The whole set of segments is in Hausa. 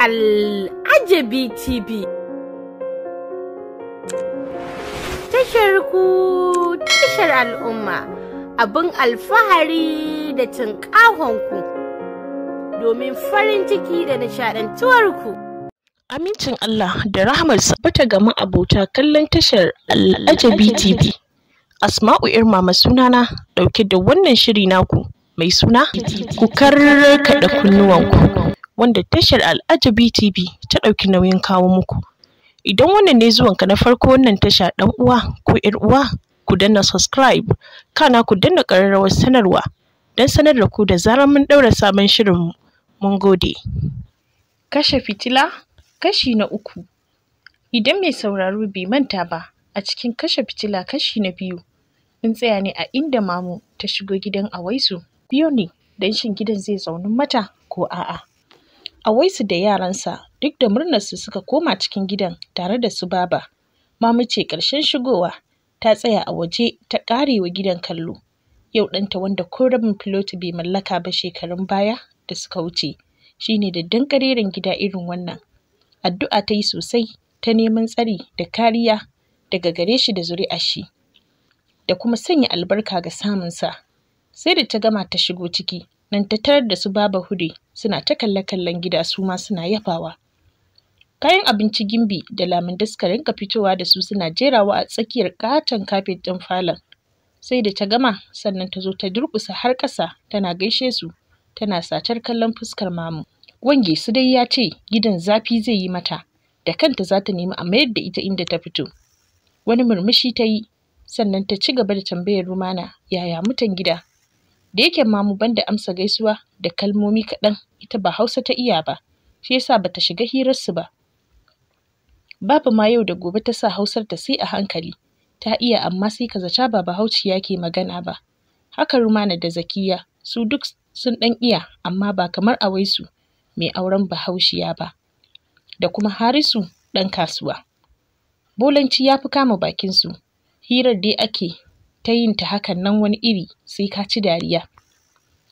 Al'ajabi TV. Tashar ku tashar al'umma abin alfahari da ku domin farin ciki da nishaɗantuwarku. Amincin Allah da rahmar bata ga abota kallon tashar Al'ajabi TV. Asma'u Irmama sunana dauke da wannan shiri naku mai suna ku karkaɗa kunnuwanku. wanda tashar Al'ajabi TV ta ɗauki nauyin kawo muku. Idan wannan ne zuwanka na farko wannan tasha ɗan uwa ko ‘yar uwa ku danna subscribe kana ku danna ƙararrawar sanarwa don sanar da ku da zarar mun ɗaura sabon shirinmu. Mun gode. Kashe fitila kashi na uku. Idan mai sauraro bai manta ba a cikin kashe fitila kashi na biyu mun tsaya ne a inda mamu ta shigo gidan Awaisu biyo ne don shin gidan zai zaunin mata ko a'a. Awaisu da yaransa duk da murnarsu suka koma cikin gidan tare da su baba. Mamu ce ƙarshen shigowa ta tsaya a waje ta ƙarewa gidan kallo. Yau ɗanta wanda ko rabin filoti bai mallaka ba shekarun baya da suka wuce shi ne da dankareren gida irin wannan. Addu'a ta yi sosai ta neman tsari da kariya daga gare shi da zuri'ar shi da kuma sanya albarka ga samun sa. Sai da ta gama ta shigo ciki nan ta tarar da su baba hude suna ta kalle kallon gida su ma suna yafawa kayan abinci gimbi da lamun suka rinka fitowa da su suna jerawa a tsakiyar katon kafet ɗin falon sai da ta gama sannan ta zo ta durƙusa har ƙasa tana gaishe su tana satar kallon fuskar mamu wange su dai ya ce gidan zafi zai yi mata da kanta za ta nemi a mayar da ita inda ta fito wani murmushi ta yi sannan ta ci gaba da tambayar rumana yaya mutan gida da yake ma mu banda amsa gaisuwa da kalmomi kaɗan ita ba Hausa ta iya ba shi yasa bata shiga hirarsu ba babu ma yau da gobe ta sa Hausar ta sai a hankali ta iya amma sai ka zata ba Bahaushiya ke magana ba haka Rumana da Zakiya su duk sun ɗan iya amma ba kamar Awaisu mai auren Bahaushiya ba da kuma Harisu ɗan kasuwa Bolanci ya fi kama bakinsu hirar dai ake ta yin ta hakan nan wani iri sai ka ci dariya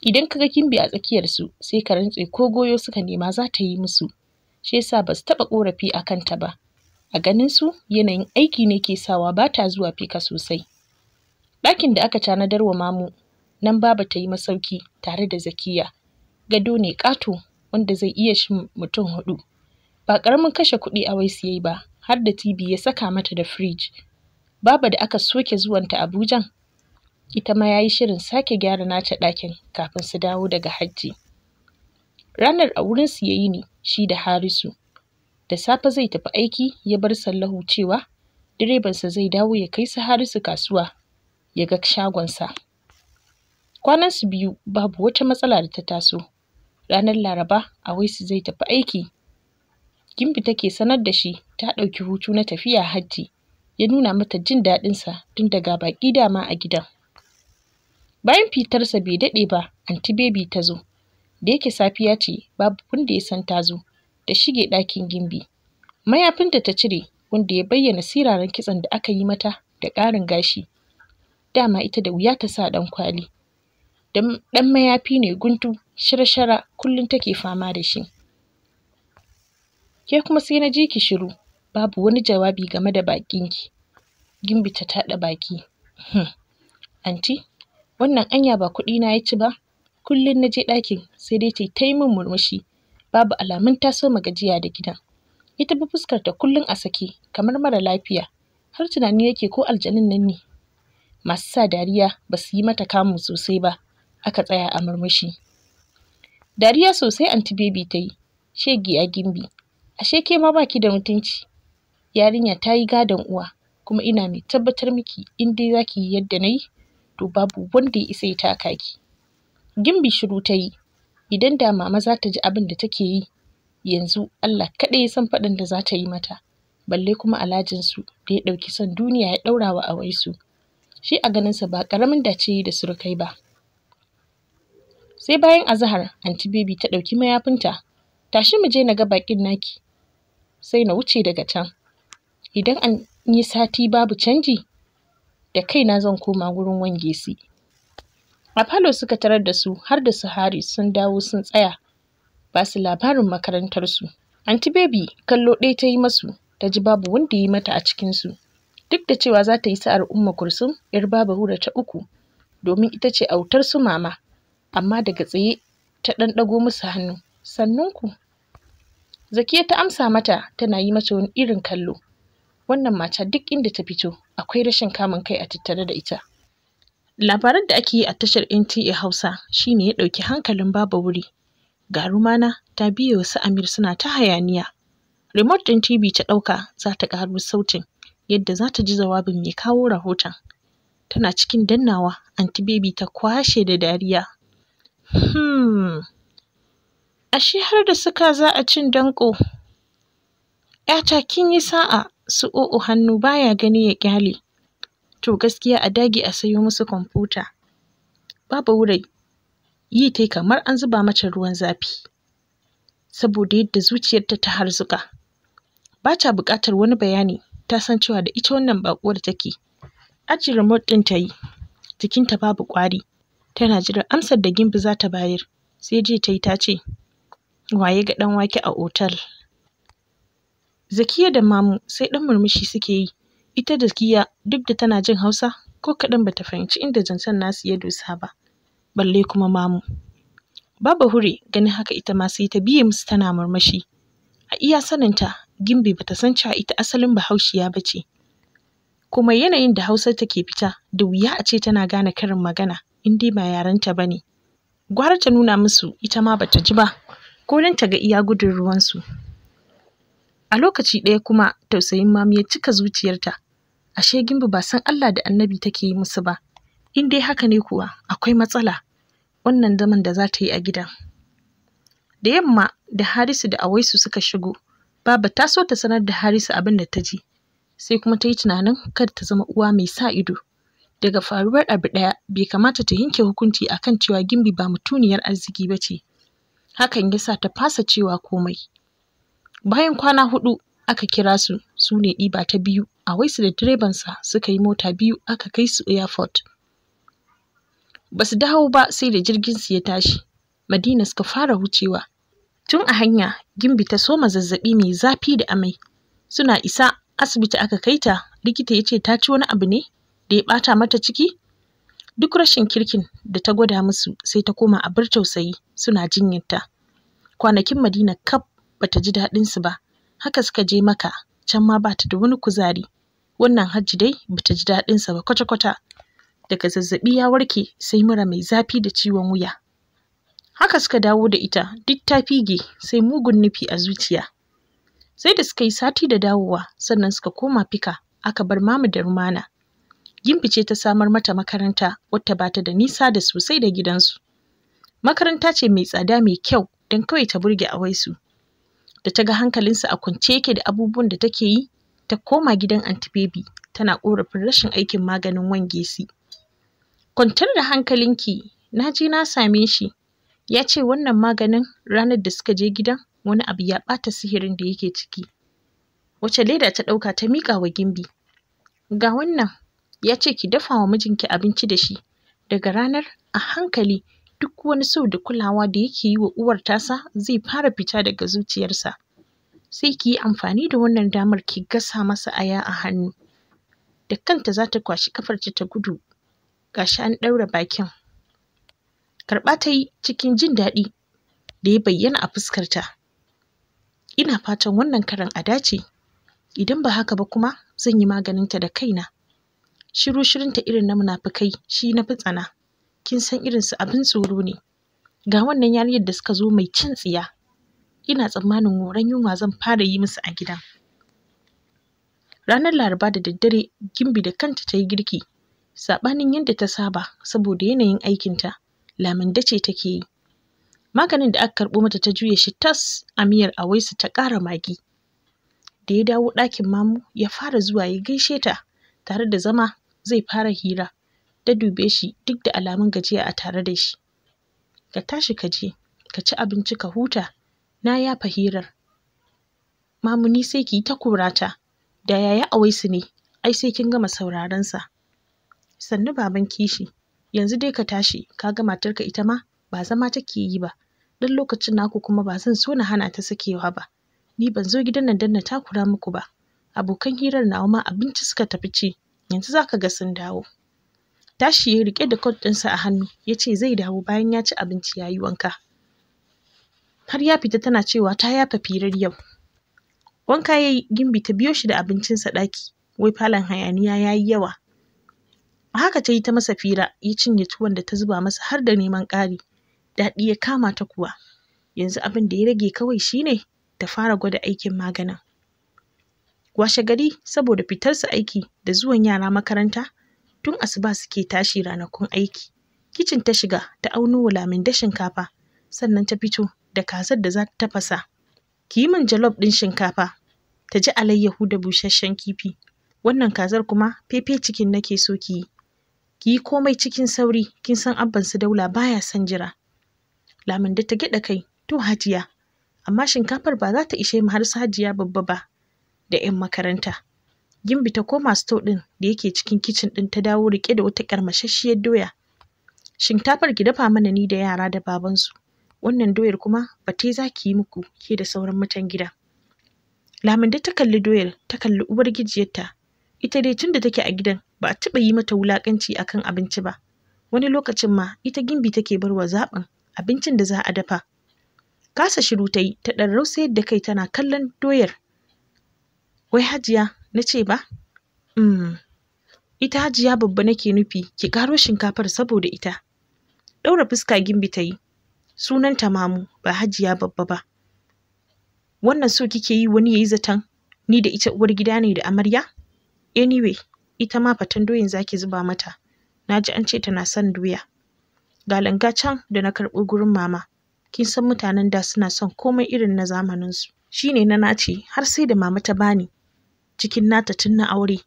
idan ka ga kimbi a tsakiyarsu sai ka rantse ko goyo suka nema za ta yi musu shi yasa ba su taɓa ƙorafi a kanta ba a ganin su yanayin aiki ne ke sawa ba ta zuwa fika sosai ɗakin da aka tanadar wa mamu nan baba ta yi masauki tare da zakiya gado ne ƙato wanda zai iya shi mutum huɗu ba ƙaramin kashe kuɗi a wai yayi ba har da TV ya saka mata da firij Baba da aka soke zuwanta Abuja, ita ma ya yi shirin sake gyara nata ɗakin kafin su dawo daga hajji. Ranar a wurinsu ya yi ne shi da Harisu. Da safe zai tafi aiki ya bar Sallahu cewa direbansa zai dawo ya kai su Harisu kasuwa ya ga shagonsa. su biyu babu wata matsala da ta taso. Ranar Laraba a wai su zai tafi aiki. Gimbi take sanar da shi ta ɗauki hutu na tafiya hajji ya nuna mata jin daɗinsa tun daga baƙi dama a gidan bayan fitarsa bai daɗe ba anti baby ta zo da yake safiya ce babu wanda ya san ta zo ta shige ɗakin gimbi mayafinta ta cire wanda ya bayyana siraran kitson da aka yi mata da ƙarin gashi dama ita da wuya ta sa ɗan kwali ɗan mayafi ne guntu shara-shara kullum take fama da shi ke kuma sai na ji ki shiru babu wani jawabi game da ki Gimbi ta taɗa baki hmm anty wannan anya ba na ya ci ba kullum na je ɗakin sai dai ta yi min murmushi babu alamun ta soma gajiya da gidan ita fa ta kullum a sake kamar mara lafiya har tunani yake ko aljanin nan ne masu sa dariya ba su yi mata kamu sosai ba aka tsaya a murmushi dariya sosai anty baby ta yi shegiya Gimbi ashe ke ma baki da mutunci yarinya ta yi gadon uwa kuma ina mai tabbatar miki in dai za ki yi yadda na yi to babu wanda ya isa ya taka ki gimbi shiru ta yi idan da mama za ta ji abin da take yi yanzu Allah kaɗai ya san faɗin da za ta yi mata balle kuma su da ya ɗauki son duniya ya ɗaura wa su. shi a ganinsa ba ƙaramin dace da surukai ba sai bayan azahar anti baby ta ɗauki mayafinta tashi mu je na ga baƙin naki sai na wuce daga can idan an yi sati babu canji da kaina zan koma gurin wange su a falo suka tarar da su har da su hari sun dawo sun tsaya ba su labarin makarantarsu anti baby kallo ɗaya ta yi masu ta ji babu wanda ya yi mata a cikinsu duk da cewa za ta yi sa'ar umma kursun yar baba hura ta uku domin ita ce autar su mama amma daga tsaye ta ɗan ɗago musu hannu sannan ku. zakiya ta amsa mata tana yi mata wani irin kallo wannan mata duk inda ta fito akwai rashin kamun kai a tattare da ita labaran da ake yi a tashar NTA Hausa shine ya ɗauki hankalin babu wuri ga rumana ta biyo wasu amir suna ta hayaniya remote ɗin TV ta ɗauka za ta ƙaro sautin yadda za ta ji jawabin mai kawo rahoton tana cikin dannawa anti baby ta kwashe da dariya hmm ashe har da suka za a cin danƙo 'yata kin yi sa'a su o'o hannu baya gani ya ƙyale to gaskiya a dage a sayo musu kwamfuta babu wurai yi ta kamar an zuba mata ruwan zafi saboda yadda zuciyarta ta harzuka, ba ta buƙatar wani bayani ta san cewa da ita wannan baƙuwar take ajiye remote ɗin ta yi jikinta babu ƙwari tana jiran amsar da Gimbi za ta bayar sai jiya ta yi ta ce Waye ya ga ɗanwake a otal Zakiya da Mamu sai ɗan murmushi suke yi. Ita da Zakiya duk da tana jin Hausa ko kaɗan bata fahimci inda zancen nasu ya dosa ba. Balle kuma Mamu. Baba Hure ganin haka ita ma sai ta biye musu tana murmushi. A iya saninta Gimbi bata san cewa ita asalin Bahaushiya ba ce. Kuma yanayin da Hausar take fita da wuya a ce tana gane karin magana in dai ba yarenta ba ne. Gwara ta nuna musu ita ma bata ji ba ko dan ta ga iya gudun ruwansu. A lokaci ɗaya kuma tausayin Mamu ya cika zuciyarta. Ashe Gimbi ba san Allah da Annabi take yi musu ba. In dai haka ne kuwa akwai matsala wannan zaman da za ta yi a gidan. Da yamma da Harisu da Awaisu suka shigo, Baba ta so ta sanar da Harisu abin da ta ji, sai kuma ta yi tunanin kada ta zama uwa mai sa ido. Daga faruwar abu ɗaya bai kamata ta yanke hukunci akan cewa Gimbi ba mutuniyar arziki ba ce. Hakan ya sa ta fasa cewa komai. bayan kwana hudu aka kira su su ne ɗiba ta biyu a waisu da direbansa suka yi mota biyu aka kai su airport ba su dawo ba sai da jirgin su ya tashi madina suka fara wucewa tun a hanya gimbi ta soma zazzabi mai zafi da amai suna isa asibiti aka kai ta likita ya ce ta ci wani abu ne da ya ɓata mata ciki duk rashin kirkin da ta gwada musu sai ta koma a bar tausayi suna jinyarta kwanakin madina kaf bata ji daɗin su ba haka suka je maka can ma bata da wani kuzari wannan hajji dai bata ji daɗin sa ba kwata kwata daga zazzaɓi ya warke sai mura mai zafi da ciwon wuya haka suka dawo da ita duk ta fige sai mugun nufi a zuciya sai da suka yi sati da dawowa sannan suka koma fika aka bar mamu da rumana Gimbi ce ta samar mata makaranta wadda bata da nisa da sosai da gidansu. Makaranta ce mai tsada mai kyau don kawai ta burge awaisu. da ta ga hankalinsa a kwance yake da abubuwan da take yi ta koma gidan anti baby tana korafin rashin aikin maganin wangesi kwantar da hankalinki na je na same shi ya ce wannan maganin ranar da suka je gidan wani abu ya ɓata sihirin da yake ciki wace leda ta ɗauka ta miƙa wa gimbi ga wannan ya ce ki dafa wa mijinki abinci da shi daga ranar a hankali duk wani so da kulawa da yake yi wa uwar tasa zai fara fita daga zuciyarsa sai ki yi amfani da wannan damar ki gasa masa aya a hannu da kanta za ta kwashi kafarta ta gudu gashi an ɗaura bakin karɓa ta yi cikin jin daɗi da ya bayyana a fuskarta ina fatan wannan karan a dace idan ba haka ba kuma zan yi maganinta da kaina shiru shirinta irin na munafukai shi na fi tsana kin san irin su abin tsoro ne ga wannan yarinyar da suka zo mai cin tsiya ina tsammanin horon yunwa zan fara yi musu a gida ranar laraba da daddare gimbi da kanta ta yi girki saɓanin yadda ta saba saboda yanayin aikinta laminda ce take yi maganin da aka karɓo mata ta juya shi tas a miyar awaisu ta ƙara magi da ya dawo ɗakin mamu ya fara zuwa ya gaishe ta tare da zama zai fara hira ta dube shi duk da alamun gajiya a tare da shi ka tashi ka je ka ci abinci ka huta na yafa hirar Mamuni sai ki yi ta da yaya waisu ne ai sai kin gama sauraron sa sannu baban kishi yanzu dai ka tashi ka ga matarka ita ma ba zama take yi ba Don lokacin naku kuma ba zan so na hana ta sakewa ba ni ban zo gidan nan dan na takura muku ba abokan hirar nawa ma abinci suka tafi ci yanzu zaka ga sun dawo Tashi ya riƙe da kot ɗinsa a hannu ya ce zai dawo bayan ya ci abinci ya yi wanka. Har ya fita tana cewa ta yafa firar yau. Wanka ya yi gimbi ta biyo shi da abincinsa ɗaki wai falon hayaniya ya yi yawa. A haka ta yi ta masa fira ya cinye tuwon da ta zuba masa har da neman ƙari. Daɗi ya kama ta kuwa. Yanzu abin da ya rage kawai shine ta fara gwada aikin maganin. Washe gari saboda fitarsa aiki da zuwan yara makaranta tun asuba suke tashi ranakun aiki kicin ta shiga ta auno wulamin da shinkafa sannan ta fito da kazar da za ta tafasa ki yi min jalof ɗin shinkafa ta ji alayyahu da busasshen kifi wannan kazar kuma fefe cikin nake so ki yi ki yi komai cikin sauri kin san abban su daula baya son jira lamin da ta gyaɗa kai to hajiya amma shinkafar ba za ta ishe mu har su hajiya babba ba da 'yan makaranta Gimbi ta koma store ɗin da yake cikin kicin ɗin ta dawo riƙe da wata ƙarmashasshiyar doya. Shinkafar ki dafa mana ni da yara da babansu. Wannan doyar kuma fate za ki yi muku ke da sauran mutan gida. Laminde ta kalli doyar, ta kalli uwar gijiyarta. Ita dai tun da take a gidan ba a taɓa yi mata wulaƙanci akan abinci ba. Wani lokacin ma ita gimbi take bar wa zaɓin abincin da za a dafa. Kasa shiru ta yi ta ɗan rausayar da kai tana kallon doyar. Wai hajiya na ce ba um ita hajiya babba nake nufi ki karo shinkafar saboda ita ɗaura fuska gimbi ta yi ta mamu ba hajiya babba ba wannan so kike yi wani ya yi zaton ni da ita uwar gida ne da amarya anyway ita ma fatan doyin zaki zuba mata na ji an ce tana son doya ga langa can da na karɓo gurin mama kin san mutanen da suna son komai irin na zamaninsu shine na nace har sai da mama ta bani cikin nata tun na aure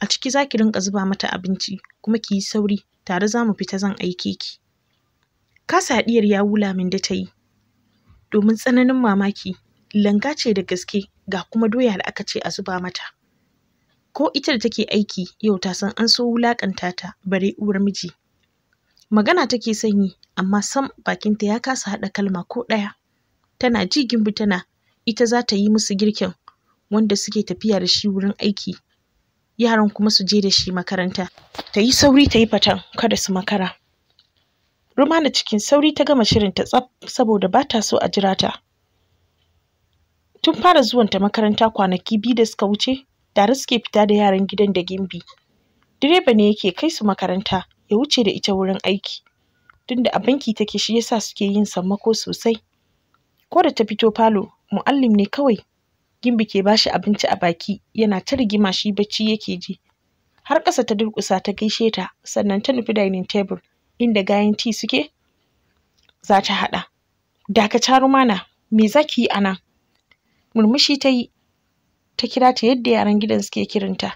a ciki za ki rinka zuba mata abinci kuma ki yi sauri tare za mu fita zan aike ki kasa haɗiyar ya wula min da ta yi domin tsananin mamaki langa ce da gaske ga kuma doya da aka ce a zuba mata ko ita da take aiki yau ta san an so wulaƙanta ta bare uwar miji magana take son yi amma sam bakinta ya kasa haɗa kalma ko ɗaya tana ji gimbi tana ita za ta yi musu girkin wanda suke tafiya da shi wurin aiki yaran kuma su je da shi makaranta ta yi sauri ta yi fatan kada su makara rumana cikin sauri ta gama shirin ta tsaf saboda ba ta so a jira ta tun fara zuwanta makaranta kwanaki biyu da suka wuce tare suke fita da yaran gidan da gimbi direba ne yake kai su makaranta ya wuce da ita wurin aiki tunda a banki take shi ya sa suke yin sammako sosai ko da ta fito falo mu'allim ne kawai Gimbi ke bashi abinci a baki yana ta rigima shi bacci yake ji. Har ƙasa ta durƙusa ta gaishe ta sannan ta nufi dining tebur, inda gayan ti suke za ta haɗa. Dakaca mana, me za ki yi a nan? Murmushi ta yi ta kira ta yadda yaran gidan suke kirinta.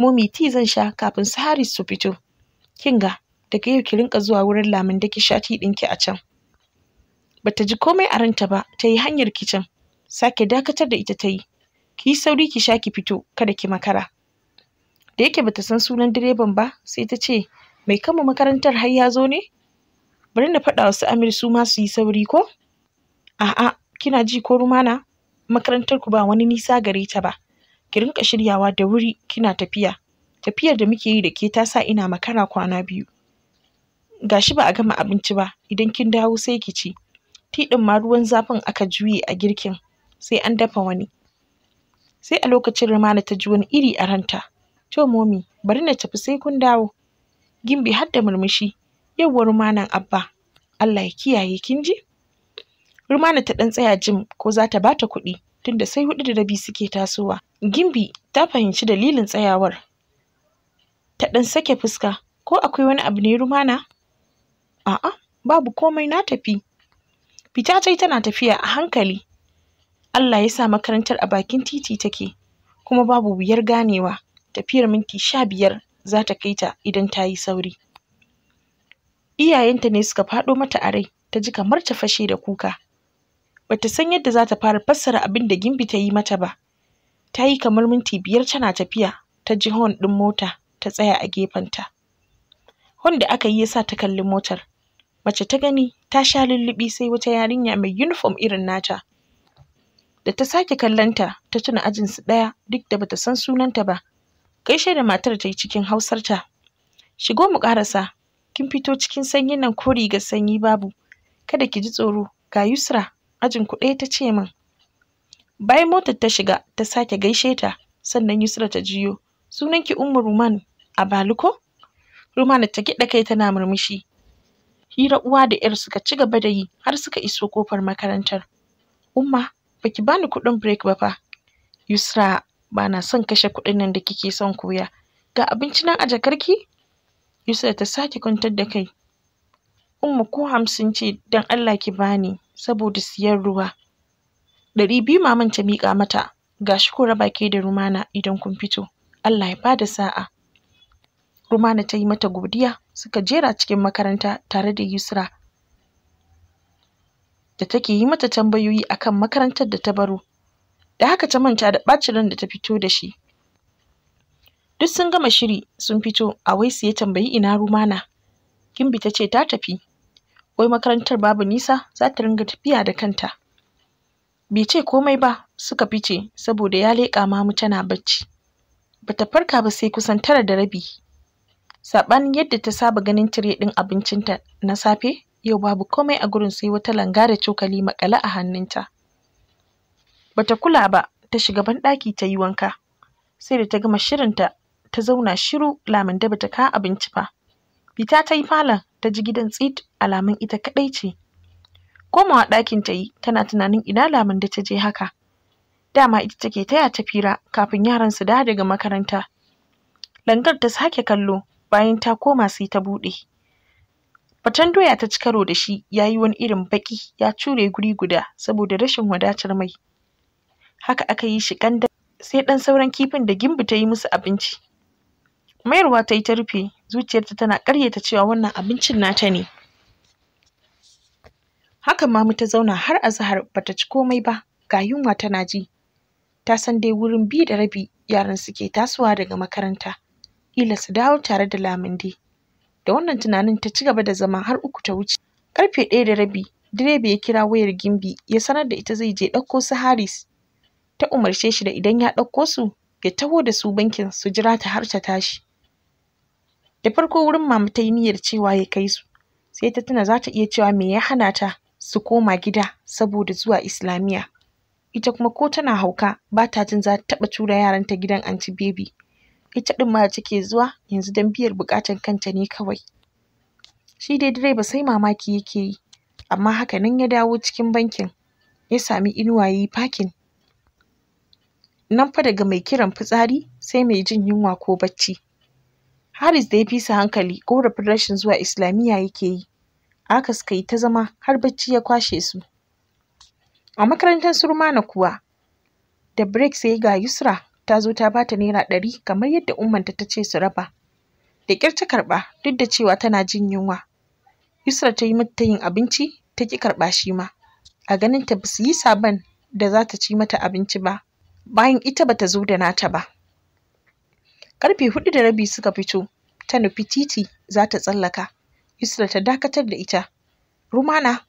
Momi ti zan sha kafin su Haris su fito. Kinga daga yau ki rinƙa zuwa wurin lamin daki sha ɗinki a can. Bata ji komai a ranta ba ta yi hanyar kicin. sake dakatar da ita ta yi ki yi sauri ki sha ki fito kada ki makara da yake bata san sunan direban ba sai ta ce mai kama makarantar har ya zo ne bari na faɗa wasu amir su ma su yi sauri ko a'a kina ji ko rumana makarantar ku ba wani nisa gare ta ba ki rinka shiryawa da wuri kina tafiya tafiyar da muke yi da ke ta sa ina makara kwana biyu gashi ba a gama abinci ba idan kin dawo sai ki ci tiɗin ma ruwan zafin aka juye a girkin sai an dafa wani sai a lokacin Rumana ta ji wani iri a ranta to momi bari na tafi sai kun dawo Gimbi har da murmushi yawwa Rumanan Abba Allah ya kiyaye kin ji Rumana ta ɗan tsaya jim ko za ta bata kuɗi tunda sai huɗu da rabi suke tasowa Gimbi ta fahimci dalilin tsayawar ta ɗan sake fuska ko akwai wani abu ne Rumana a'a babu komai na tafi fita tai tana tafiya a hankali Allah ya sa makarantar a bakin titi take kuma babu wuyar ganewa tafiyar minti sha biyar za ta kai ta idan ta yi sauri iyayenta ne suka faɗo mata a rai ta ji kamar ta fashe da kuka bata san yadda za ta fara fassara abin da Gimbi ta yi mata ba ta yi kamar minti biyar tana tafiya ta ji hon ɗin mota ta tsaya a gefenta hon da aka yi ya sa ta kalli motar mace ta gani ta sha lulluɓi sai wata yarinya mai uniform irin nata da ta sake kallonta ta tuna ajinsu ɗaya duk da bata san sunanta ba gaishe da matar ta yi cikin hausarta shigo mu ƙarasa kin fito cikin sanyin nan ko ga sanyi babu kada ki ji tsoro ga yusra ajin ku ɗaya ta ce min bayan motar ta shiga ta sake gaishe ta sannan yusra ta jiyo sunanki ummu ruman a baluko ruman ta kiɗa kai tana murmushi hira uwa da yar suka ci gaba da yi har suka iso kofar makarantar umma baki bani kuɗin break ba fa Yusra bana son kashe kuɗin nan da kike son koya ga abinci nan a ki? Yusra ta sake kwantar da kai Umma ko hamsin ce dan Allah ki bani saboda siyan ruwa ɗari biyu maman ta miƙa mata gashi ko raba ke da rumana idan kun fito Allah ya bada sa'a rumana ta yi mata godiya suka jera cikin makaranta tare da Yusra da take yi mata tambayoyi akan makarantar da ta baro da haka ta manta da ɓacin ran da ta fito da shi duk sun gama shiri sun fito a Awaisu ya tambayi ina Rumana Gimbi ta ce ta tafi wai makarantar babu nisa za ta ringa tafiya da kanta bai ce komai ba suka fice saboda ya leƙa mamu tana bacci bata farka ba sai kusan tara da rabi saɓanin yadda ta saba ganin tire ɗin abincinta na safe yau babu komai a gurin sai wata langa da cokali maƙale a hannunta bata kula ba ta shiga banɗaki ta yi wanka sai da ta gama shirinta ta zauna shiru lamin da bata kawo abinci ba fita ta yi falon ta ji gidan tsit alamun ita kaɗai ce komawa ɗakin ta yi tana tunanin ina lamin da ta je haka dama ita take taya ta fira kafin yaran su dawo daga makaranta langar ta sake kallo bayan ta koma sai ta buɗe faten doya ta ci karo da shi ya yi wani irin baƙi ya cure guri guda saboda rashin wadatar mai haka aka yi shi ƙandan sai ɗan sauran kifin da Gimbi ta yi musu abinci mayarwa ta yi ta rufe zuciyarta tana ƙaryata cewa wannan abincin nata ne haka mamu ta zauna har azahar ta ci komai ba ga yunwa tana ji ta san dai wurin bi da rabi yaran suke tasowa daga makaranta ƙila su dawo tare da laminde da wannan tunanin ta ci gaba da zama har uku ta wuce karfe ɗaya da rabi direba ya kira wayar gimbi ya sanar da ita zai je ɗauko su haris ta umarce shi da idan ya ɗauko su ya taho da su bankin su jira ta har ta tashi da farko wurin mama ta yi niyyar cewa ya kai su sai ta tuna za ta iya cewa me ya hana ta su koma gida saboda zuwa islamiyya ita kuma ko tana hauka ba ta jin za ta taɓa tura yaranta gidan anti baby ita ɗin ma take zuwa yanzu don biyar buƙatar kanta ne kawai shi dai direba sai mamaki yake yi amma haka nan ya dawo cikin bankin ya sami inuwa yi fakin nan fa daga mai kiran fitsari sai mai jin yunwa ko bacci Haris da ya fi su hankali ƙorafin rashin zuwa islamiyya yake yi aka suka yi ta zama har bacci ya kwashe su a makarantar surmana kuwa da break sai ga Yusra ta zo ta bata naira ɗari kamar yadda ummanta ta ce su raba da ƙyar ta karɓa duk da cewa tana jin yunwa Yusra ta yi mata yin abinci ta ki karɓa shi ma a ganin ta basu yi sabon da za ta ci mata abinci ba bayan ita bata zo da nata ba karfe hudu da rabi suka fito ta nufi titi za ta tsallaka Yusra ta dakatar da ita Rumana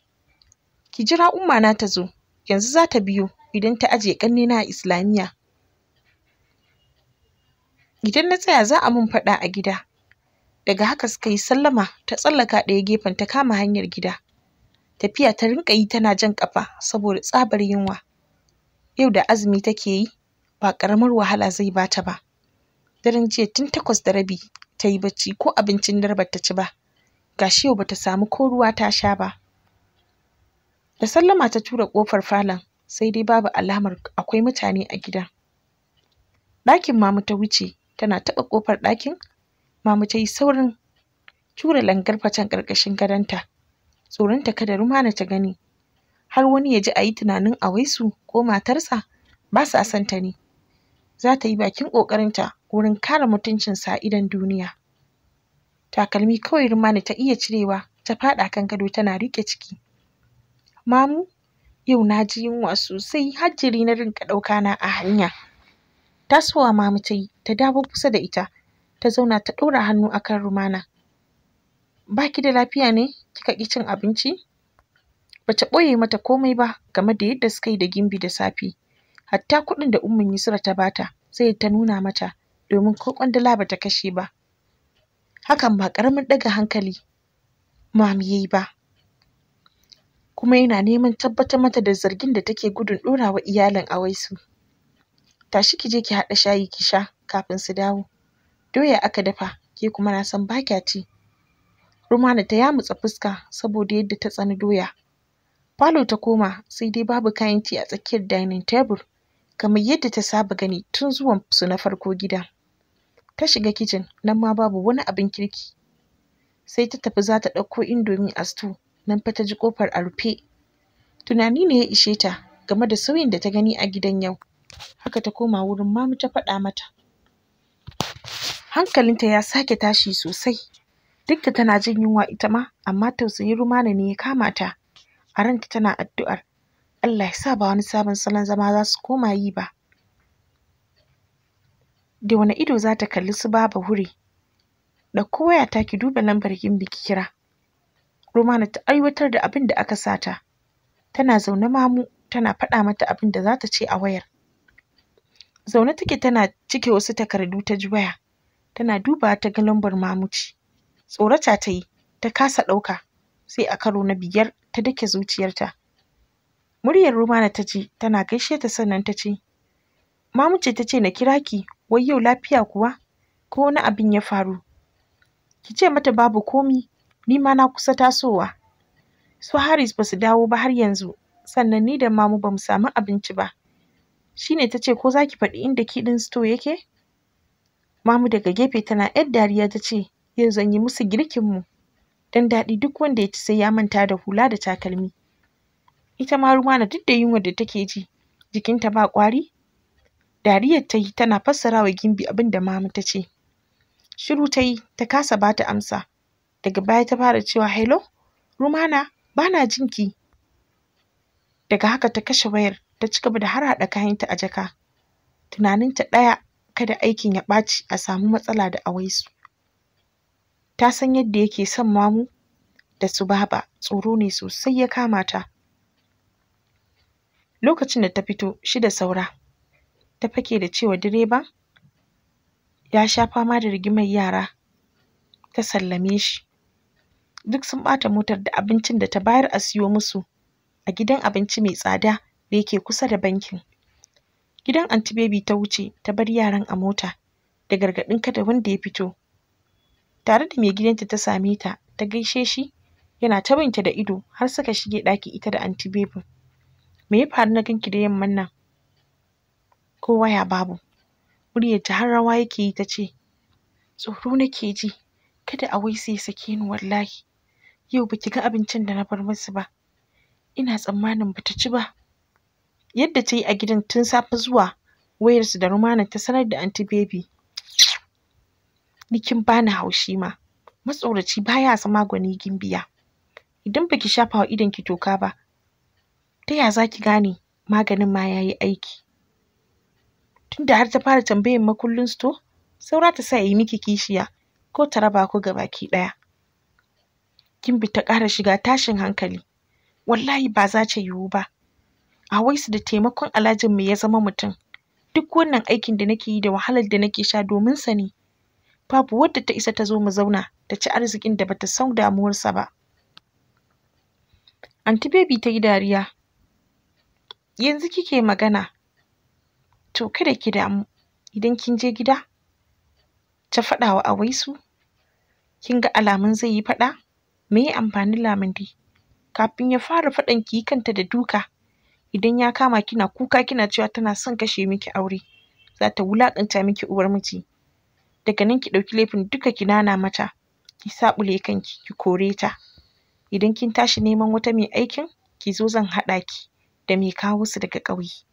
ki jira umma na ta zo yanzu za ta biyo idan ta ajiye ƙannena a Islamiyya idan na tsaya za a mun faɗa a gida daga haka suka yi sallama ta tsallaka ɗaya gefen ta kama hanyar gida tafiya ta rinƙa yi tana jan ƙafa saboda tsabar yunwa yau da azumi take yi ba ƙaramar wahala zai bata ba daren jiya tun takwas da rabi ta yi bacci ko abincin dare ta ci ba gashi yau bata samu ko ruwa ta sha ba da sallama ta tura ƙofar falon sai dai babu alamar akwai mutane a gida ɗakin mamu ta wuce tana taɓa ƙofar ɗakin mamu ta yi saurin tura langar facen ƙarƙashin gadonta tsoronta kada rumana ta gani har wani ya ji a yi tunanin a waisu ko matarsa ba su son ta ne za ta yi bakin ƙoƙarinta wurin kare mutuncinsa a idon duniya takalmi kawai rumana ta iya cirewa ta faɗa kan gado tana riƙe ciki mamu yau na ji yunwa sosai har na rinka ɗauka na a hanya tasowa mamu ta yi ta dawo kusa da ita ta zauna ta ɗora hannu a kan rumana ba ki da lafiya ne kika ƙi cin abinci Ba ta ɓoye mata komai ba game da yadda suka yi da gimbi da safe hatta kuɗin da ummin yusra ta bata sai ta nuna mata domin ko ƙwandala ta kashe ba hakan ba ƙaramin ɗaga hankali ya yi ba kuma yana neman tabbatar mata da zargin da take gudun ɗora wa iyalin awaisu tashi ki je ki haɗa shayi ki sha kafin su dawo doya aka dafa ke kuma na san ba kya ci rumana ta yamutsa fuska saboda yadda ta tsani doya falo ta koma sai dai babu kayan ci a tsakiyar dining table kamar yadda ta saba gani tun zuwan su na farko gida ta shiga kicin nan ma babu wani abin kirki sai ta tafi za ta ɗauko indomi a stew nan fa ta ji kofar a rufe tunani ne ya ishe ta game da sauyin da ta gani a gidan yau haka ta koma wurin mamu ta faɗa mata hankalinta ya sake tashi sosai duk da tana jin yunwa ita ma amma tausayin rumana ne ya kama ta a ranta tana addu'ar Allah ya sa ba wani sabon salon zama za su koma yi ba da wani ido za ta kalli su baba wuri da kowa ta ki duba lambar gimbi ki kira Rumana ta aiwatar da abin da aka sata tana zaune mamu tana faɗa mata abin da za ta ce a wayar zaune take tana cike wasu takardu ta ji waya tana duba ta ga lambar mamuci tsorata ta yi ta kasa ɗauka sai a karo na biyar ta dake zuciyarta muryar rumana ta ce tana gaishe ta sannan ta ce mamuci ta ce na kira ki wai yau lafiya kuwa ko wani abin ya faru ki ce mata babu komi ni ma na kusa tasowa su haris ba su dawo ba har yanzu sannan ni da mamu ba mu samu abinci ba shine ta ce ko zaki faɗi inda kiɗin store yake mamu daga gefe tana yar dariya tace ce yau zan yi musu girkin mu dan daɗi duk wanda ya ci sai ya manta da hula da takalmi ita ma rumana duk da yunwar da take ji jikinta ba ƙwari dariyar ta yi tana fassara wa gimbi abin da mamu ta ce shiru ta yi ta kasa bata amsa daga baya ta fara cewa hello rumana bana jinki daga haka ta kashe wayar ta cigaba gaba da harhaɗa kayanta a jaka tunaninta ɗaya kada aikin ya ɓaci a samu matsala da awaisu ta san yadda yake son mamu da su baba tsoro ne sosai ya kama ta lokacin da ta fito shi da saura ta fake da cewa direba ya sha fama da rigimar yara ta sallame shi duk sun ɓata motar da abincin da ta bayar a siyo musu a gidan abinci mai tsada da yake kusa da bankin. Gidan anti baby ta wuce ta bar yaran a mota da gargaɗin kada wanda ya fito. Tare da mai gidanta ta same ta ta gaishe shi yana ta binta da ido har suka shige ɗaki ita da anti baby. Me ya faru na ganki da yamman nan? Ko waya babu. Muryarta har rawa yake yi ta ce, Tsoro nake ji, kada a wai sai sake ni wallahi. Yau ba ki ga abincin da na bar musu ba. Ina tsammanin bata ci ba. yadda ta yi a gidan tun safe zuwa wayarsu da rumana ta sanar da anti baby nikin bani haushi ma matsoraci baya zama gwani gimbiya idan baki shafa wa ki toka ba ta ya zaki gane maganin ma yayi aiki tunda har ta fara tambayan makullin to saura ta sa yi miki kishiya ko ta raba ku ki ɗaya gimbi ta ƙara shiga tashin hankali wallahi ba za ta yiwu ba a waisu da taimakon Alhajin mai ya zama mutum. Duk wannan aikin da nake yi da wahalar da nake sha domin sa ne. Babu wadda ta isa ta zo mu zauna ta ci arzikin da bata san damuwarsa ba. Anti Baby ta yi dariya. Yanzu kike magana. To kada ki damu idan kin je gida ta faɗa wa Awaisu kin ga alamun zai yi faɗa me amfanin lamande kafin ya fara faɗan ki kanta da duka idan ya kama kina kuka kina cewa tana son kashe miki aure za ta wulaƙanta miki uwar miji daga nan ki ɗauki laifin duka ki nana mata ki saɓule kanki ki kore ta idan kin tashi neman wata mai aikin ki zo zan haɗa ki da mai kawo su daga ƙauye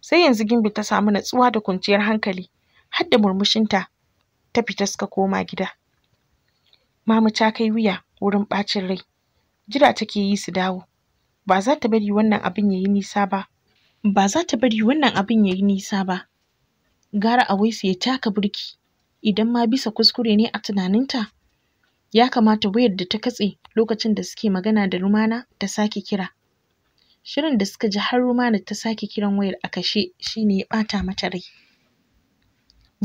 sai yanzu Gimbi ta samu natsuwa da kwanciyar hankali har da murmushinta ta fita suka koma gida mamu ta kai wuya wurin ɓacin rai jira take yi su dawo ba za ta bari wannan abin ya yi nisa ba ba za ta bari wannan abin ya yi nisa ba gara Awaisu ya taka burki idan ma bisa kuskure ne a tunaninta ya kamata wayar da ta katse lokacin da suke magana da Rumana ta sake kira shirin da suka ji har Rumana ta sake kiran wayar a kashe shine ya ɓata mata rai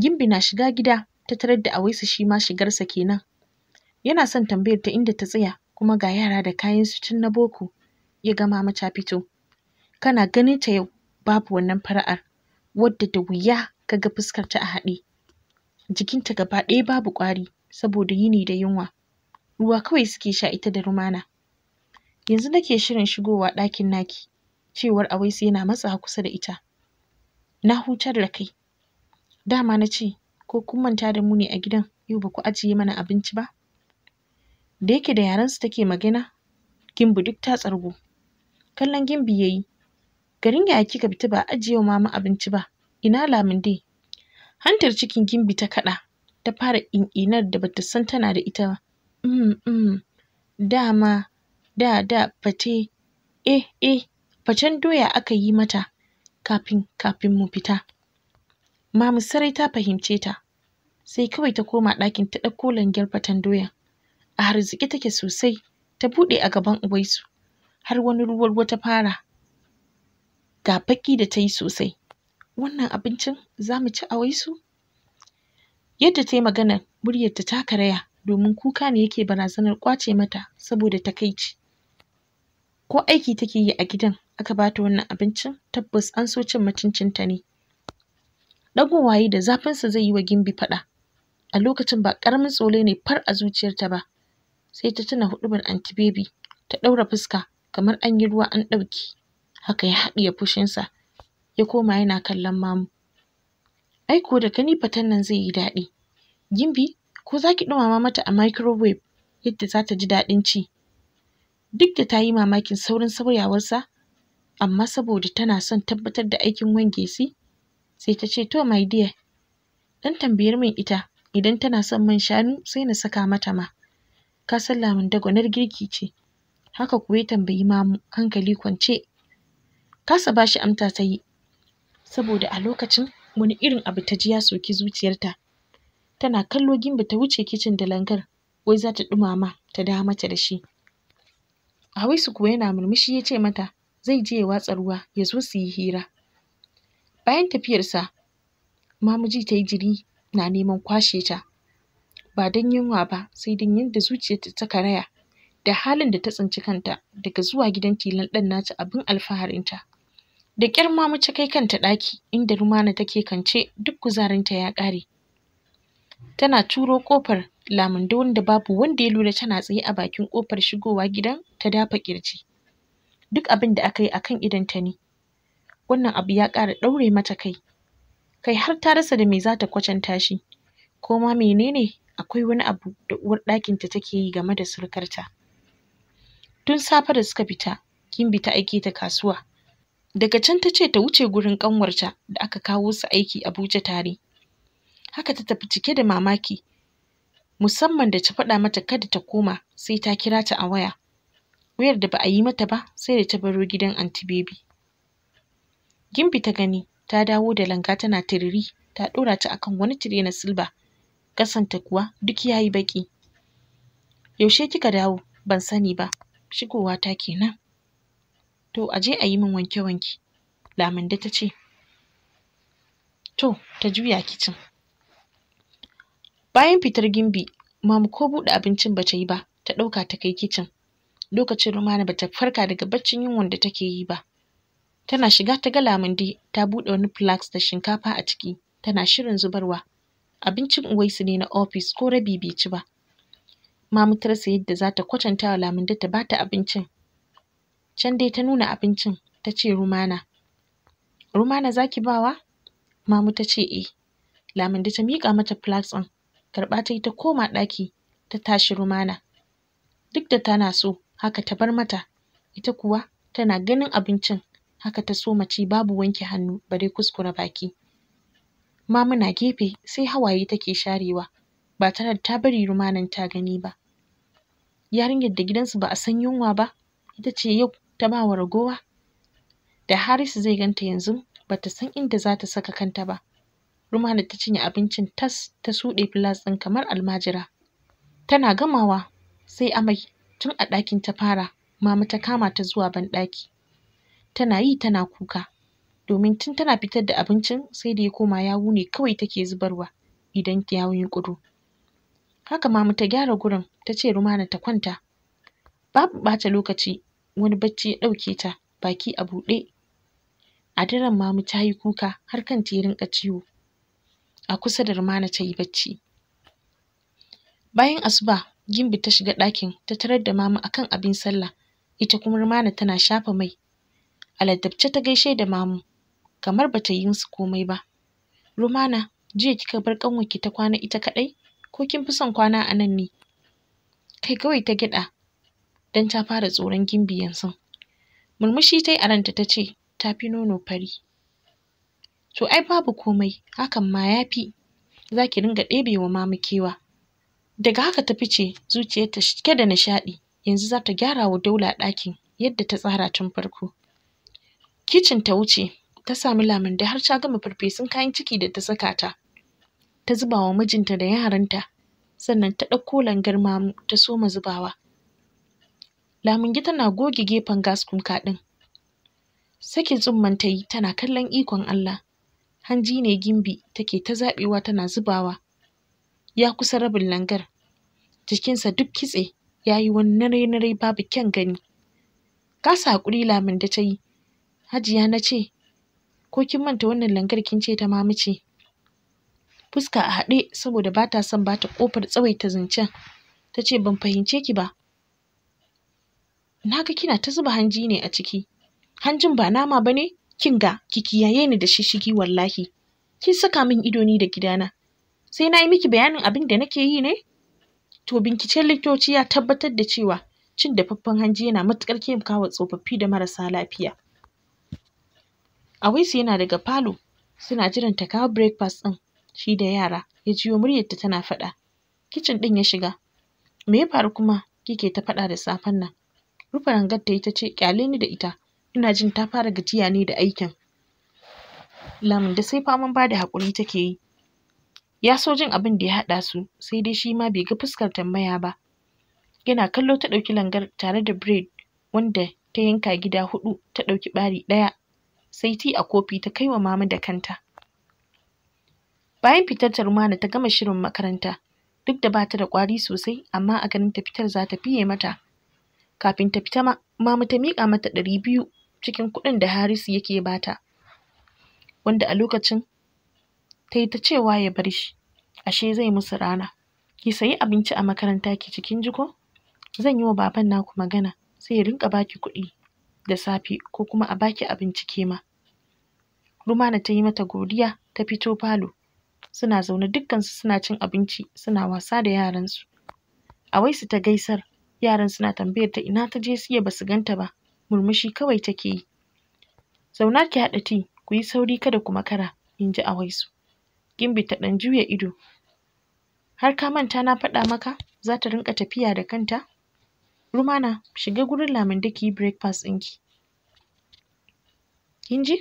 Gimbi na shiga gida ta tarar da Awaisu shi ma shigarsa kenan yana son tambayar ta inda ta tsaya kuma ga yara da kayan su tun na boko ya ga mama ta fito kana ganin ta yau babu wannan fara'ar wadda da wuya ka ga fuskar ta a haɗe jikinta gaba ɗaya babu ƙwari saboda yini da yunwa ruwa kawai suke sha ita da rumana yanzu nake shirin shigowa ɗakin naki cewar awaisu yana matsawa kusa da ita na hutar da kai dama na ce ko kun manta da mu ne a gidan yau ba ku ajiye mana abinci ba da yake da yaransu take magana gimbi duk ta tsargu kallon gimbi yayi garin yaya kika fita ba ajiye wa mama abinci ba ina lamin dai hantar cikin gimbi ta kaɗa ta fara in'inar da bata san tana da ita ba mm mm dama da da fate eh eh facen doya aka yi mata kafin kafin mu fita mamu sarai ta fahimce ta sai kawai ta koma ɗakin ta ɗauko langyar faten doya a harziki take sosai ta buɗe a gaban uwaisu har wani ruwa-ruwa ta fara ga baƙi da ta yi sosai wannan abincin zamu ci a waisu yadda tayi maganar muryar ta ta karaya domin kuka ne yake barazanar kwace mata saboda takaici ko aiki take yi a gidan aka bata wannan abincin tabbas an so cin mutuncin ta ne ɗagon waye da zafin sa zai yi wa Gimbi faɗa a lokacin ba ƙaramin tsoro ne far a zuciyar ta ba sai ta tuna huɗubar anti baby ta ɗaura fuska kamar an yi ruwa an ɗauke haka ya haɗiye fushinsa ya koma yana kallon mamu ai ko da gani faten nan zai yi daɗi gimbi ko za ki ɗumama mata a microwave yadda za ta ji daɗin ci duk da ta yi mamakin saurin sauyawarsa amma saboda tana son tabbatar da aikin wangesi sai ta ce to my dear ɗan tambayar min ita idan tana son man shanu sai na saka mata ma ka san lamun dagwanar girki ce haka kuwa ya tambayi mamu hankali kwance kasa ba shi amsa ta yi saboda a lokacin wani irin abu ta ji ya soki zuciyarta tana kallo Gimbi ta wuce kicin da langar wai za ta ɗumama ta dawo mata da shi Hawaisu kuwa yana murmushi ya ce mata zai je ya watsa ruwa ya zo su yi hira bayan tafiyarsa mamuji ta yi jiri na neman kwashe ta ba don yunwa ba sai don yadda zuciyarta ta karaya da halin da ta tsinci kanta daga zuwa gidan tilan ɗan nata abin alfaharinta. Da ƙyar ma mace kai kanta ɗaki inda Rumana take kance duk kuzarinta ya ƙare. Tana turo ƙofar da wanda babu wanda ya lura tana tsaye a bakin ƙofar shigowa gidan ta dafa ƙirji. Duk abin da aka yi a kan idonta ne. Wannan abu ya ƙara ɗaure mata kai. Kai har ta rasa da me za ta kwatanta shi. Ko ma menene akwai wani abu da uwar ɗakinta take yi game da surukarta. tun safe da suka fita Gimbi ta aike ta kasuwa daga can ta ce ta wuce gurin kanwarta da aka kawo su aiki Abuja tare haka ta tafi cike da mamaki musamman da ta faɗa mata kada ta koma sai ta kira ta a waya wayar da ba a yi mata ba sai da ta baro gidan anti baby Gimbi ta gani ta dawo da langa tana tiriri ta ɗora ta akan wani tire na silba ta kuwa duk yayi yi baƙi yaushe kika dawo ban sani ba shigowa ta kenan to a je a yi min wanke wanke Lamande ta ce to ta juya kicin bayan fitar Gimbi mamu ko buɗe abincin bata yi ba ta ɗauka ta kai kicin lokacin Rumana bata farka daga baccin yunwan da take yi ba tana shiga ta ga Lamande ta buɗe wani flask da shinkafa a ciki tana shirin zubarwa abincin Uwaisu ne na ofis ko rabi bai ci ba Mamu ta yadda za ta kwatanta wa Laminde ta ba ta abincin. Can dai ta nuna abincin ta ce Rumana. Rumana za ki bawa? Mamu ta ce eh. Laminde ta miƙa mata flask ɗin. Karɓa ta yi ta koma ɗaki ta tashi Rumana. Duk da tana so haka ta bar mata. Ita kuwa tana ganin abincin haka ta so mace babu wanke hannu bare kuskure baki. Mamu na gefe sai hawaye take sharewa ba tare da ta bari rumanan ta gani ba. yarinyar da gidansu ba a san yunwa ba ita ce yau ta ba wa ragowa da harisu zai ganta yanzu ba ta san inda za ta saka kanta ba rumana ta cinye abincin tas ta suɗe filas ɗin kamar almajira tana gamawa sai amai tun a ɗakin ta fara mama ta kama ta zuwa banɗaki tana yi tana kuka domin tun tana fitar da abincin sai da ya koma yawu ne kawai take zubarwa idan yawun ya ƙudu haka mamu ta gyara gurin ta ce rumana ta kwanta babu ɓata lokaci wani bacci ya ɗauke ta baki a buɗe a daren mamu ta yi kuka har kan tirin rinƙa ciwo a kusa da rumana ta yi bacci bayan asuba gimbi ta shiga ɗakin ta tarar da mamu akan abin sallah ita kuma rumana tana shafa mai a ladabce ta gaishe da mamu kamar bata yi musu komai ba rumana jiya kika bar ƙanwarki ta kwana ita kaɗai ko kin fi son kwana a nan ne kai kawai ta gyaɗa don ta fara tsoron gimbi yanzu murmushi ta yi a ranta ta ce ta fi nono fari to ai babu komai hakan ma ya fi za ki ringa ɗebewa mama kewa daga haka ta fice zuciyarta cike da nishaɗi yanzu za ta gyara wa daula ɗakin yadda ta tsara tun farko kicin ta wuce ta sami lamande har ta gama farfesun kayan ciki da ta saka ta ta zuba wa mijinta da yaranta sannan ta ɗauko langar mamu ta soma zubawa lamungi tana goge gefen gas kuka ɗin sakin tsumman ta yi tana kallon ikon Allah hanji ne gimbi take ta zaɓewa tana zubawa ya kusa rabin langar jikinsa duk kitse ya yi wani nare-nare babu kyan gani kasa haƙuri Lamun da ta yi hajiya na ce ko kin manta wannan langar kin ce ta mamice fuska a haɗe saboda ba ta son ba ta ƙofar tsawaita zancen ta ce ban fahimce ki ba na ga kina ta zuba hanji ne a ciki hanjin ba nama ba ne kin ga ki kiyaye ni da shishigi wallahi kin saka min ido ni da gidana sai na yi miki bayanin abin da nake yi ne to bincike likitoci ya tabbatar da cewa cin dafaffen hanji yana matuƙar taimakawa tsofaffi da marasa lafiya Awaisu yana daga falo suna jiran ta kawo breakfast ɗin shi da yara ya jiyo muryarta tana faɗa kicin ɗin ya shiga me ya faru kuma kike ta faɗa da safen nan rufe rangar ta yi ce ƙyale ni da ita ina jin ta fara gajiya ne da aikin lamun da sai faman bada da haƙuri take yi ya so jin abin da ya haɗa su sai dai shi ma bai ga fuskar tambaya ba yana kallo ta ɗauki langar tare da bread wanda ta yanka gida huɗu ta ɗauki ɓari ɗaya sai ti a kofi ta kai wa mama da kanta Bayan fitar ta Rumana ta gama shirin makaranta, duk da bata da ƙwari sosai amma a ganin ta fitar za ta fiye mata. Kafin ta fita ma, Mamu ta miƙa mata ɗari biyu cikin kuɗin da Harisu yake bata, wanda a lokacin ta yi ta cewa ya bar shi, ashe zai musu rana. Ki sayi abinci a makaranta ki cikin jiko? Zan yi wa baban naku magana sai ya rinƙa baki kuɗi da safe ko kuma a baki abinci kema. ma. Rumana ta yi mata godiya ta fito falo. suna zaune dukkansu suna cin abinci suna wasa da yaransu A waisu ta gaisar yaran suna tambayar ta ina ta je siya basu ganta ba murmushi kawai take yi zauna ki haɗa ti ku yi sauri kada ku makara in ji awaisu gimbi ta ɗan juya ido har ka manta na faɗa maka za ta rinƙa tafiya da kanta rumana shiga gurin lamande ki yi breakfast ɗinki kin ji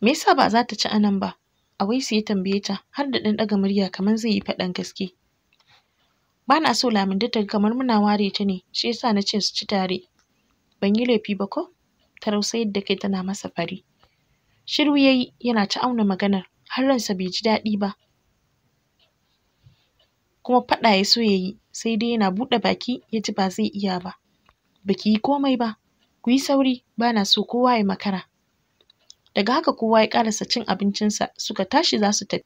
me yasa ba za ta ci anan ba Awaisu ya tambaye ta har da ɗan ɗaga murya kamar zai yi faɗan gaske. Ba na so ta kamar muna ware ta ne shi yasa na ce su ci tare. Ban yi laifi ba ko? Ta rausayar da kai tana masa fari. Shiru ya yi yana ta auna maganar har ransa bai ji daɗi ba. Kuma faɗa ya so ya yi sai dai yana buɗe baki ya ji ba zai iya ba. Ba ki yi komai ba, ku yi sauri ba na so kowa ya makara. daga haka kowa ya ƙarasa cin abincinsa suka tashi za su tafi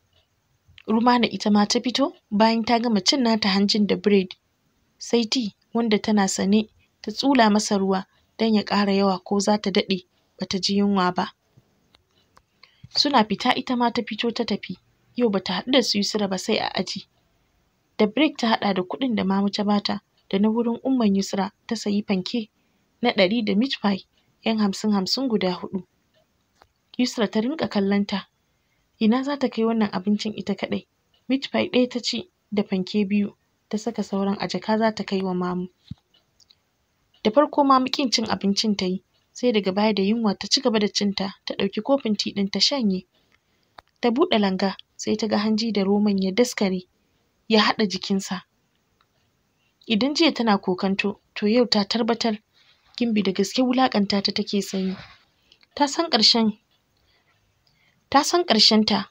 rumana ita ma ta fito bayan ta gama cin nata hanjin da biredi sai ti wanda tana sane ta tsula masa ruwa don ya ƙara yawa ko za ta daɗe ba ta ji yunwa ba suna fita ita ma ta fito ta tafi yau bata ta haɗu da su Yusra ba sai a aji da break ta haɗa da kuɗin da mamu ta bata da na wurin umman Yusra ta sayi fanke na ɗari da meat pie yan hamsin hamsin guda hudu. Yusra ta rinƙa ta Ina za ta kai wannan abincin ita kaɗai? Mitfai ɗaya ta ci da fanke biyu ta saka sauran a jaka za ta kai wa mamu. Da farko mamu ƙin cin abincin ta yi, sai daga baya da yunwa ta ci gaba da cinta ta ɗauki kofin ti ɗin ta shanye. Ta buɗe langa sai ta ga hanji da roman ya daskare ya haɗa jikinsa. Idan jiya tana kokanto to yau ta tabbatar Gimbi da gaske wulaƙanta ta take sanyi. Ta san ƙarshen ta san ƙarshen ta.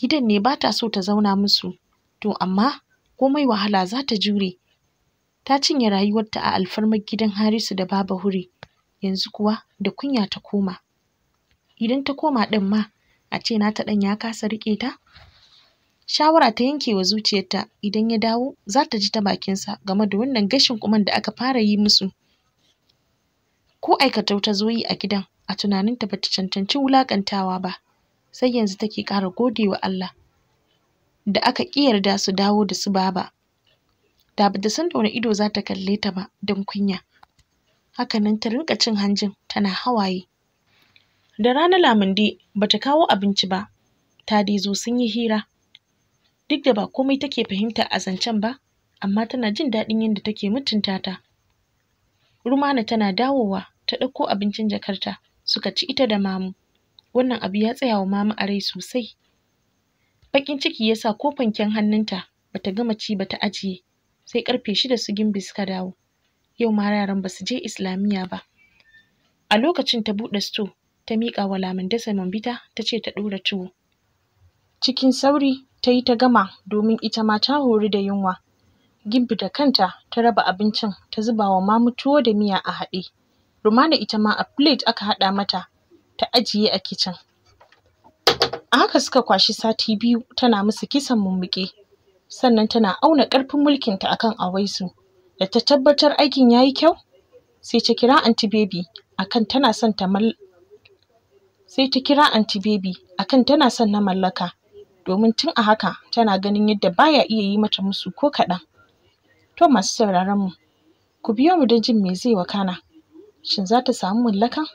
gidan ne ba ta so ta zauna musu to amma komai wahala za ta jure ta cinye rayuwarta a alfarmar gidan Harisu da Baba Huri, yanzu kuwa da kunya ta koma idan ta koma ɗin ma a ce na ta ɗan ya kasa riƙe ta shawara ta yanke wa zuciyarta idan ya dawo za ta ji ta bakinsa game da wannan gashin kuman da aka fara yi musu ko aikatau ta zo yi a gidan a tunaninta ba ta cancanci wulaƙantawa ba sai yanzu take ƙara gode wa Allah da aka ƙi yarda su dawo da su baba da ba ta san da wani ido za ta kalle ta ba don kunya hakanan ta rinka cin hanjin tana hawaye da rana lamundi ba ta kawo abinci ba ta dai zo sun yi hira duk da ba komai take fahimta a zancen ba amma tana jin daɗin yadda take mutunta ta rumana tana dawowa ta ɗauko abincin jakarta suka ci ita da mamu Wannan abu ya tsaya wa Mama a rai sosai. Baƙin ciki ya sa ko fanken hannunta ba ta gama ci ba ta ajiye, sai ƙarfe shida su Gimbi suka dawo. Yau ma yaran ba su je Islamiyya ba. A lokacin ta buɗe sto ta miƙa wa Lamindasa Mambita ta ce ta ɗora tuwo. Cikin sauri ta yi ta gama domin ita ma ta hori da yunwa. Gimbi da kanta ta raba abincin ta zuba wa Mamu tuwo da miya a haɗe. Rumana ita ma a plate aka haɗa mata ta ajiye a kicin a haka suka kwashi sati biyu tana musu kisan mummuke, sannan tana auna ƙarfin mulkinta akan Awaisu da ta tabbatar aikin yayi kyau sai ta kira anti baby akan tana son ta mal sai ta kira anti baby akan tana son na mallaka domin tun a haka tana ganin yadda baya iya yi mata musu ko kaɗan to masu sauraron mu ku biyo mu don jin me zai wakana shin za ta samu mallaka?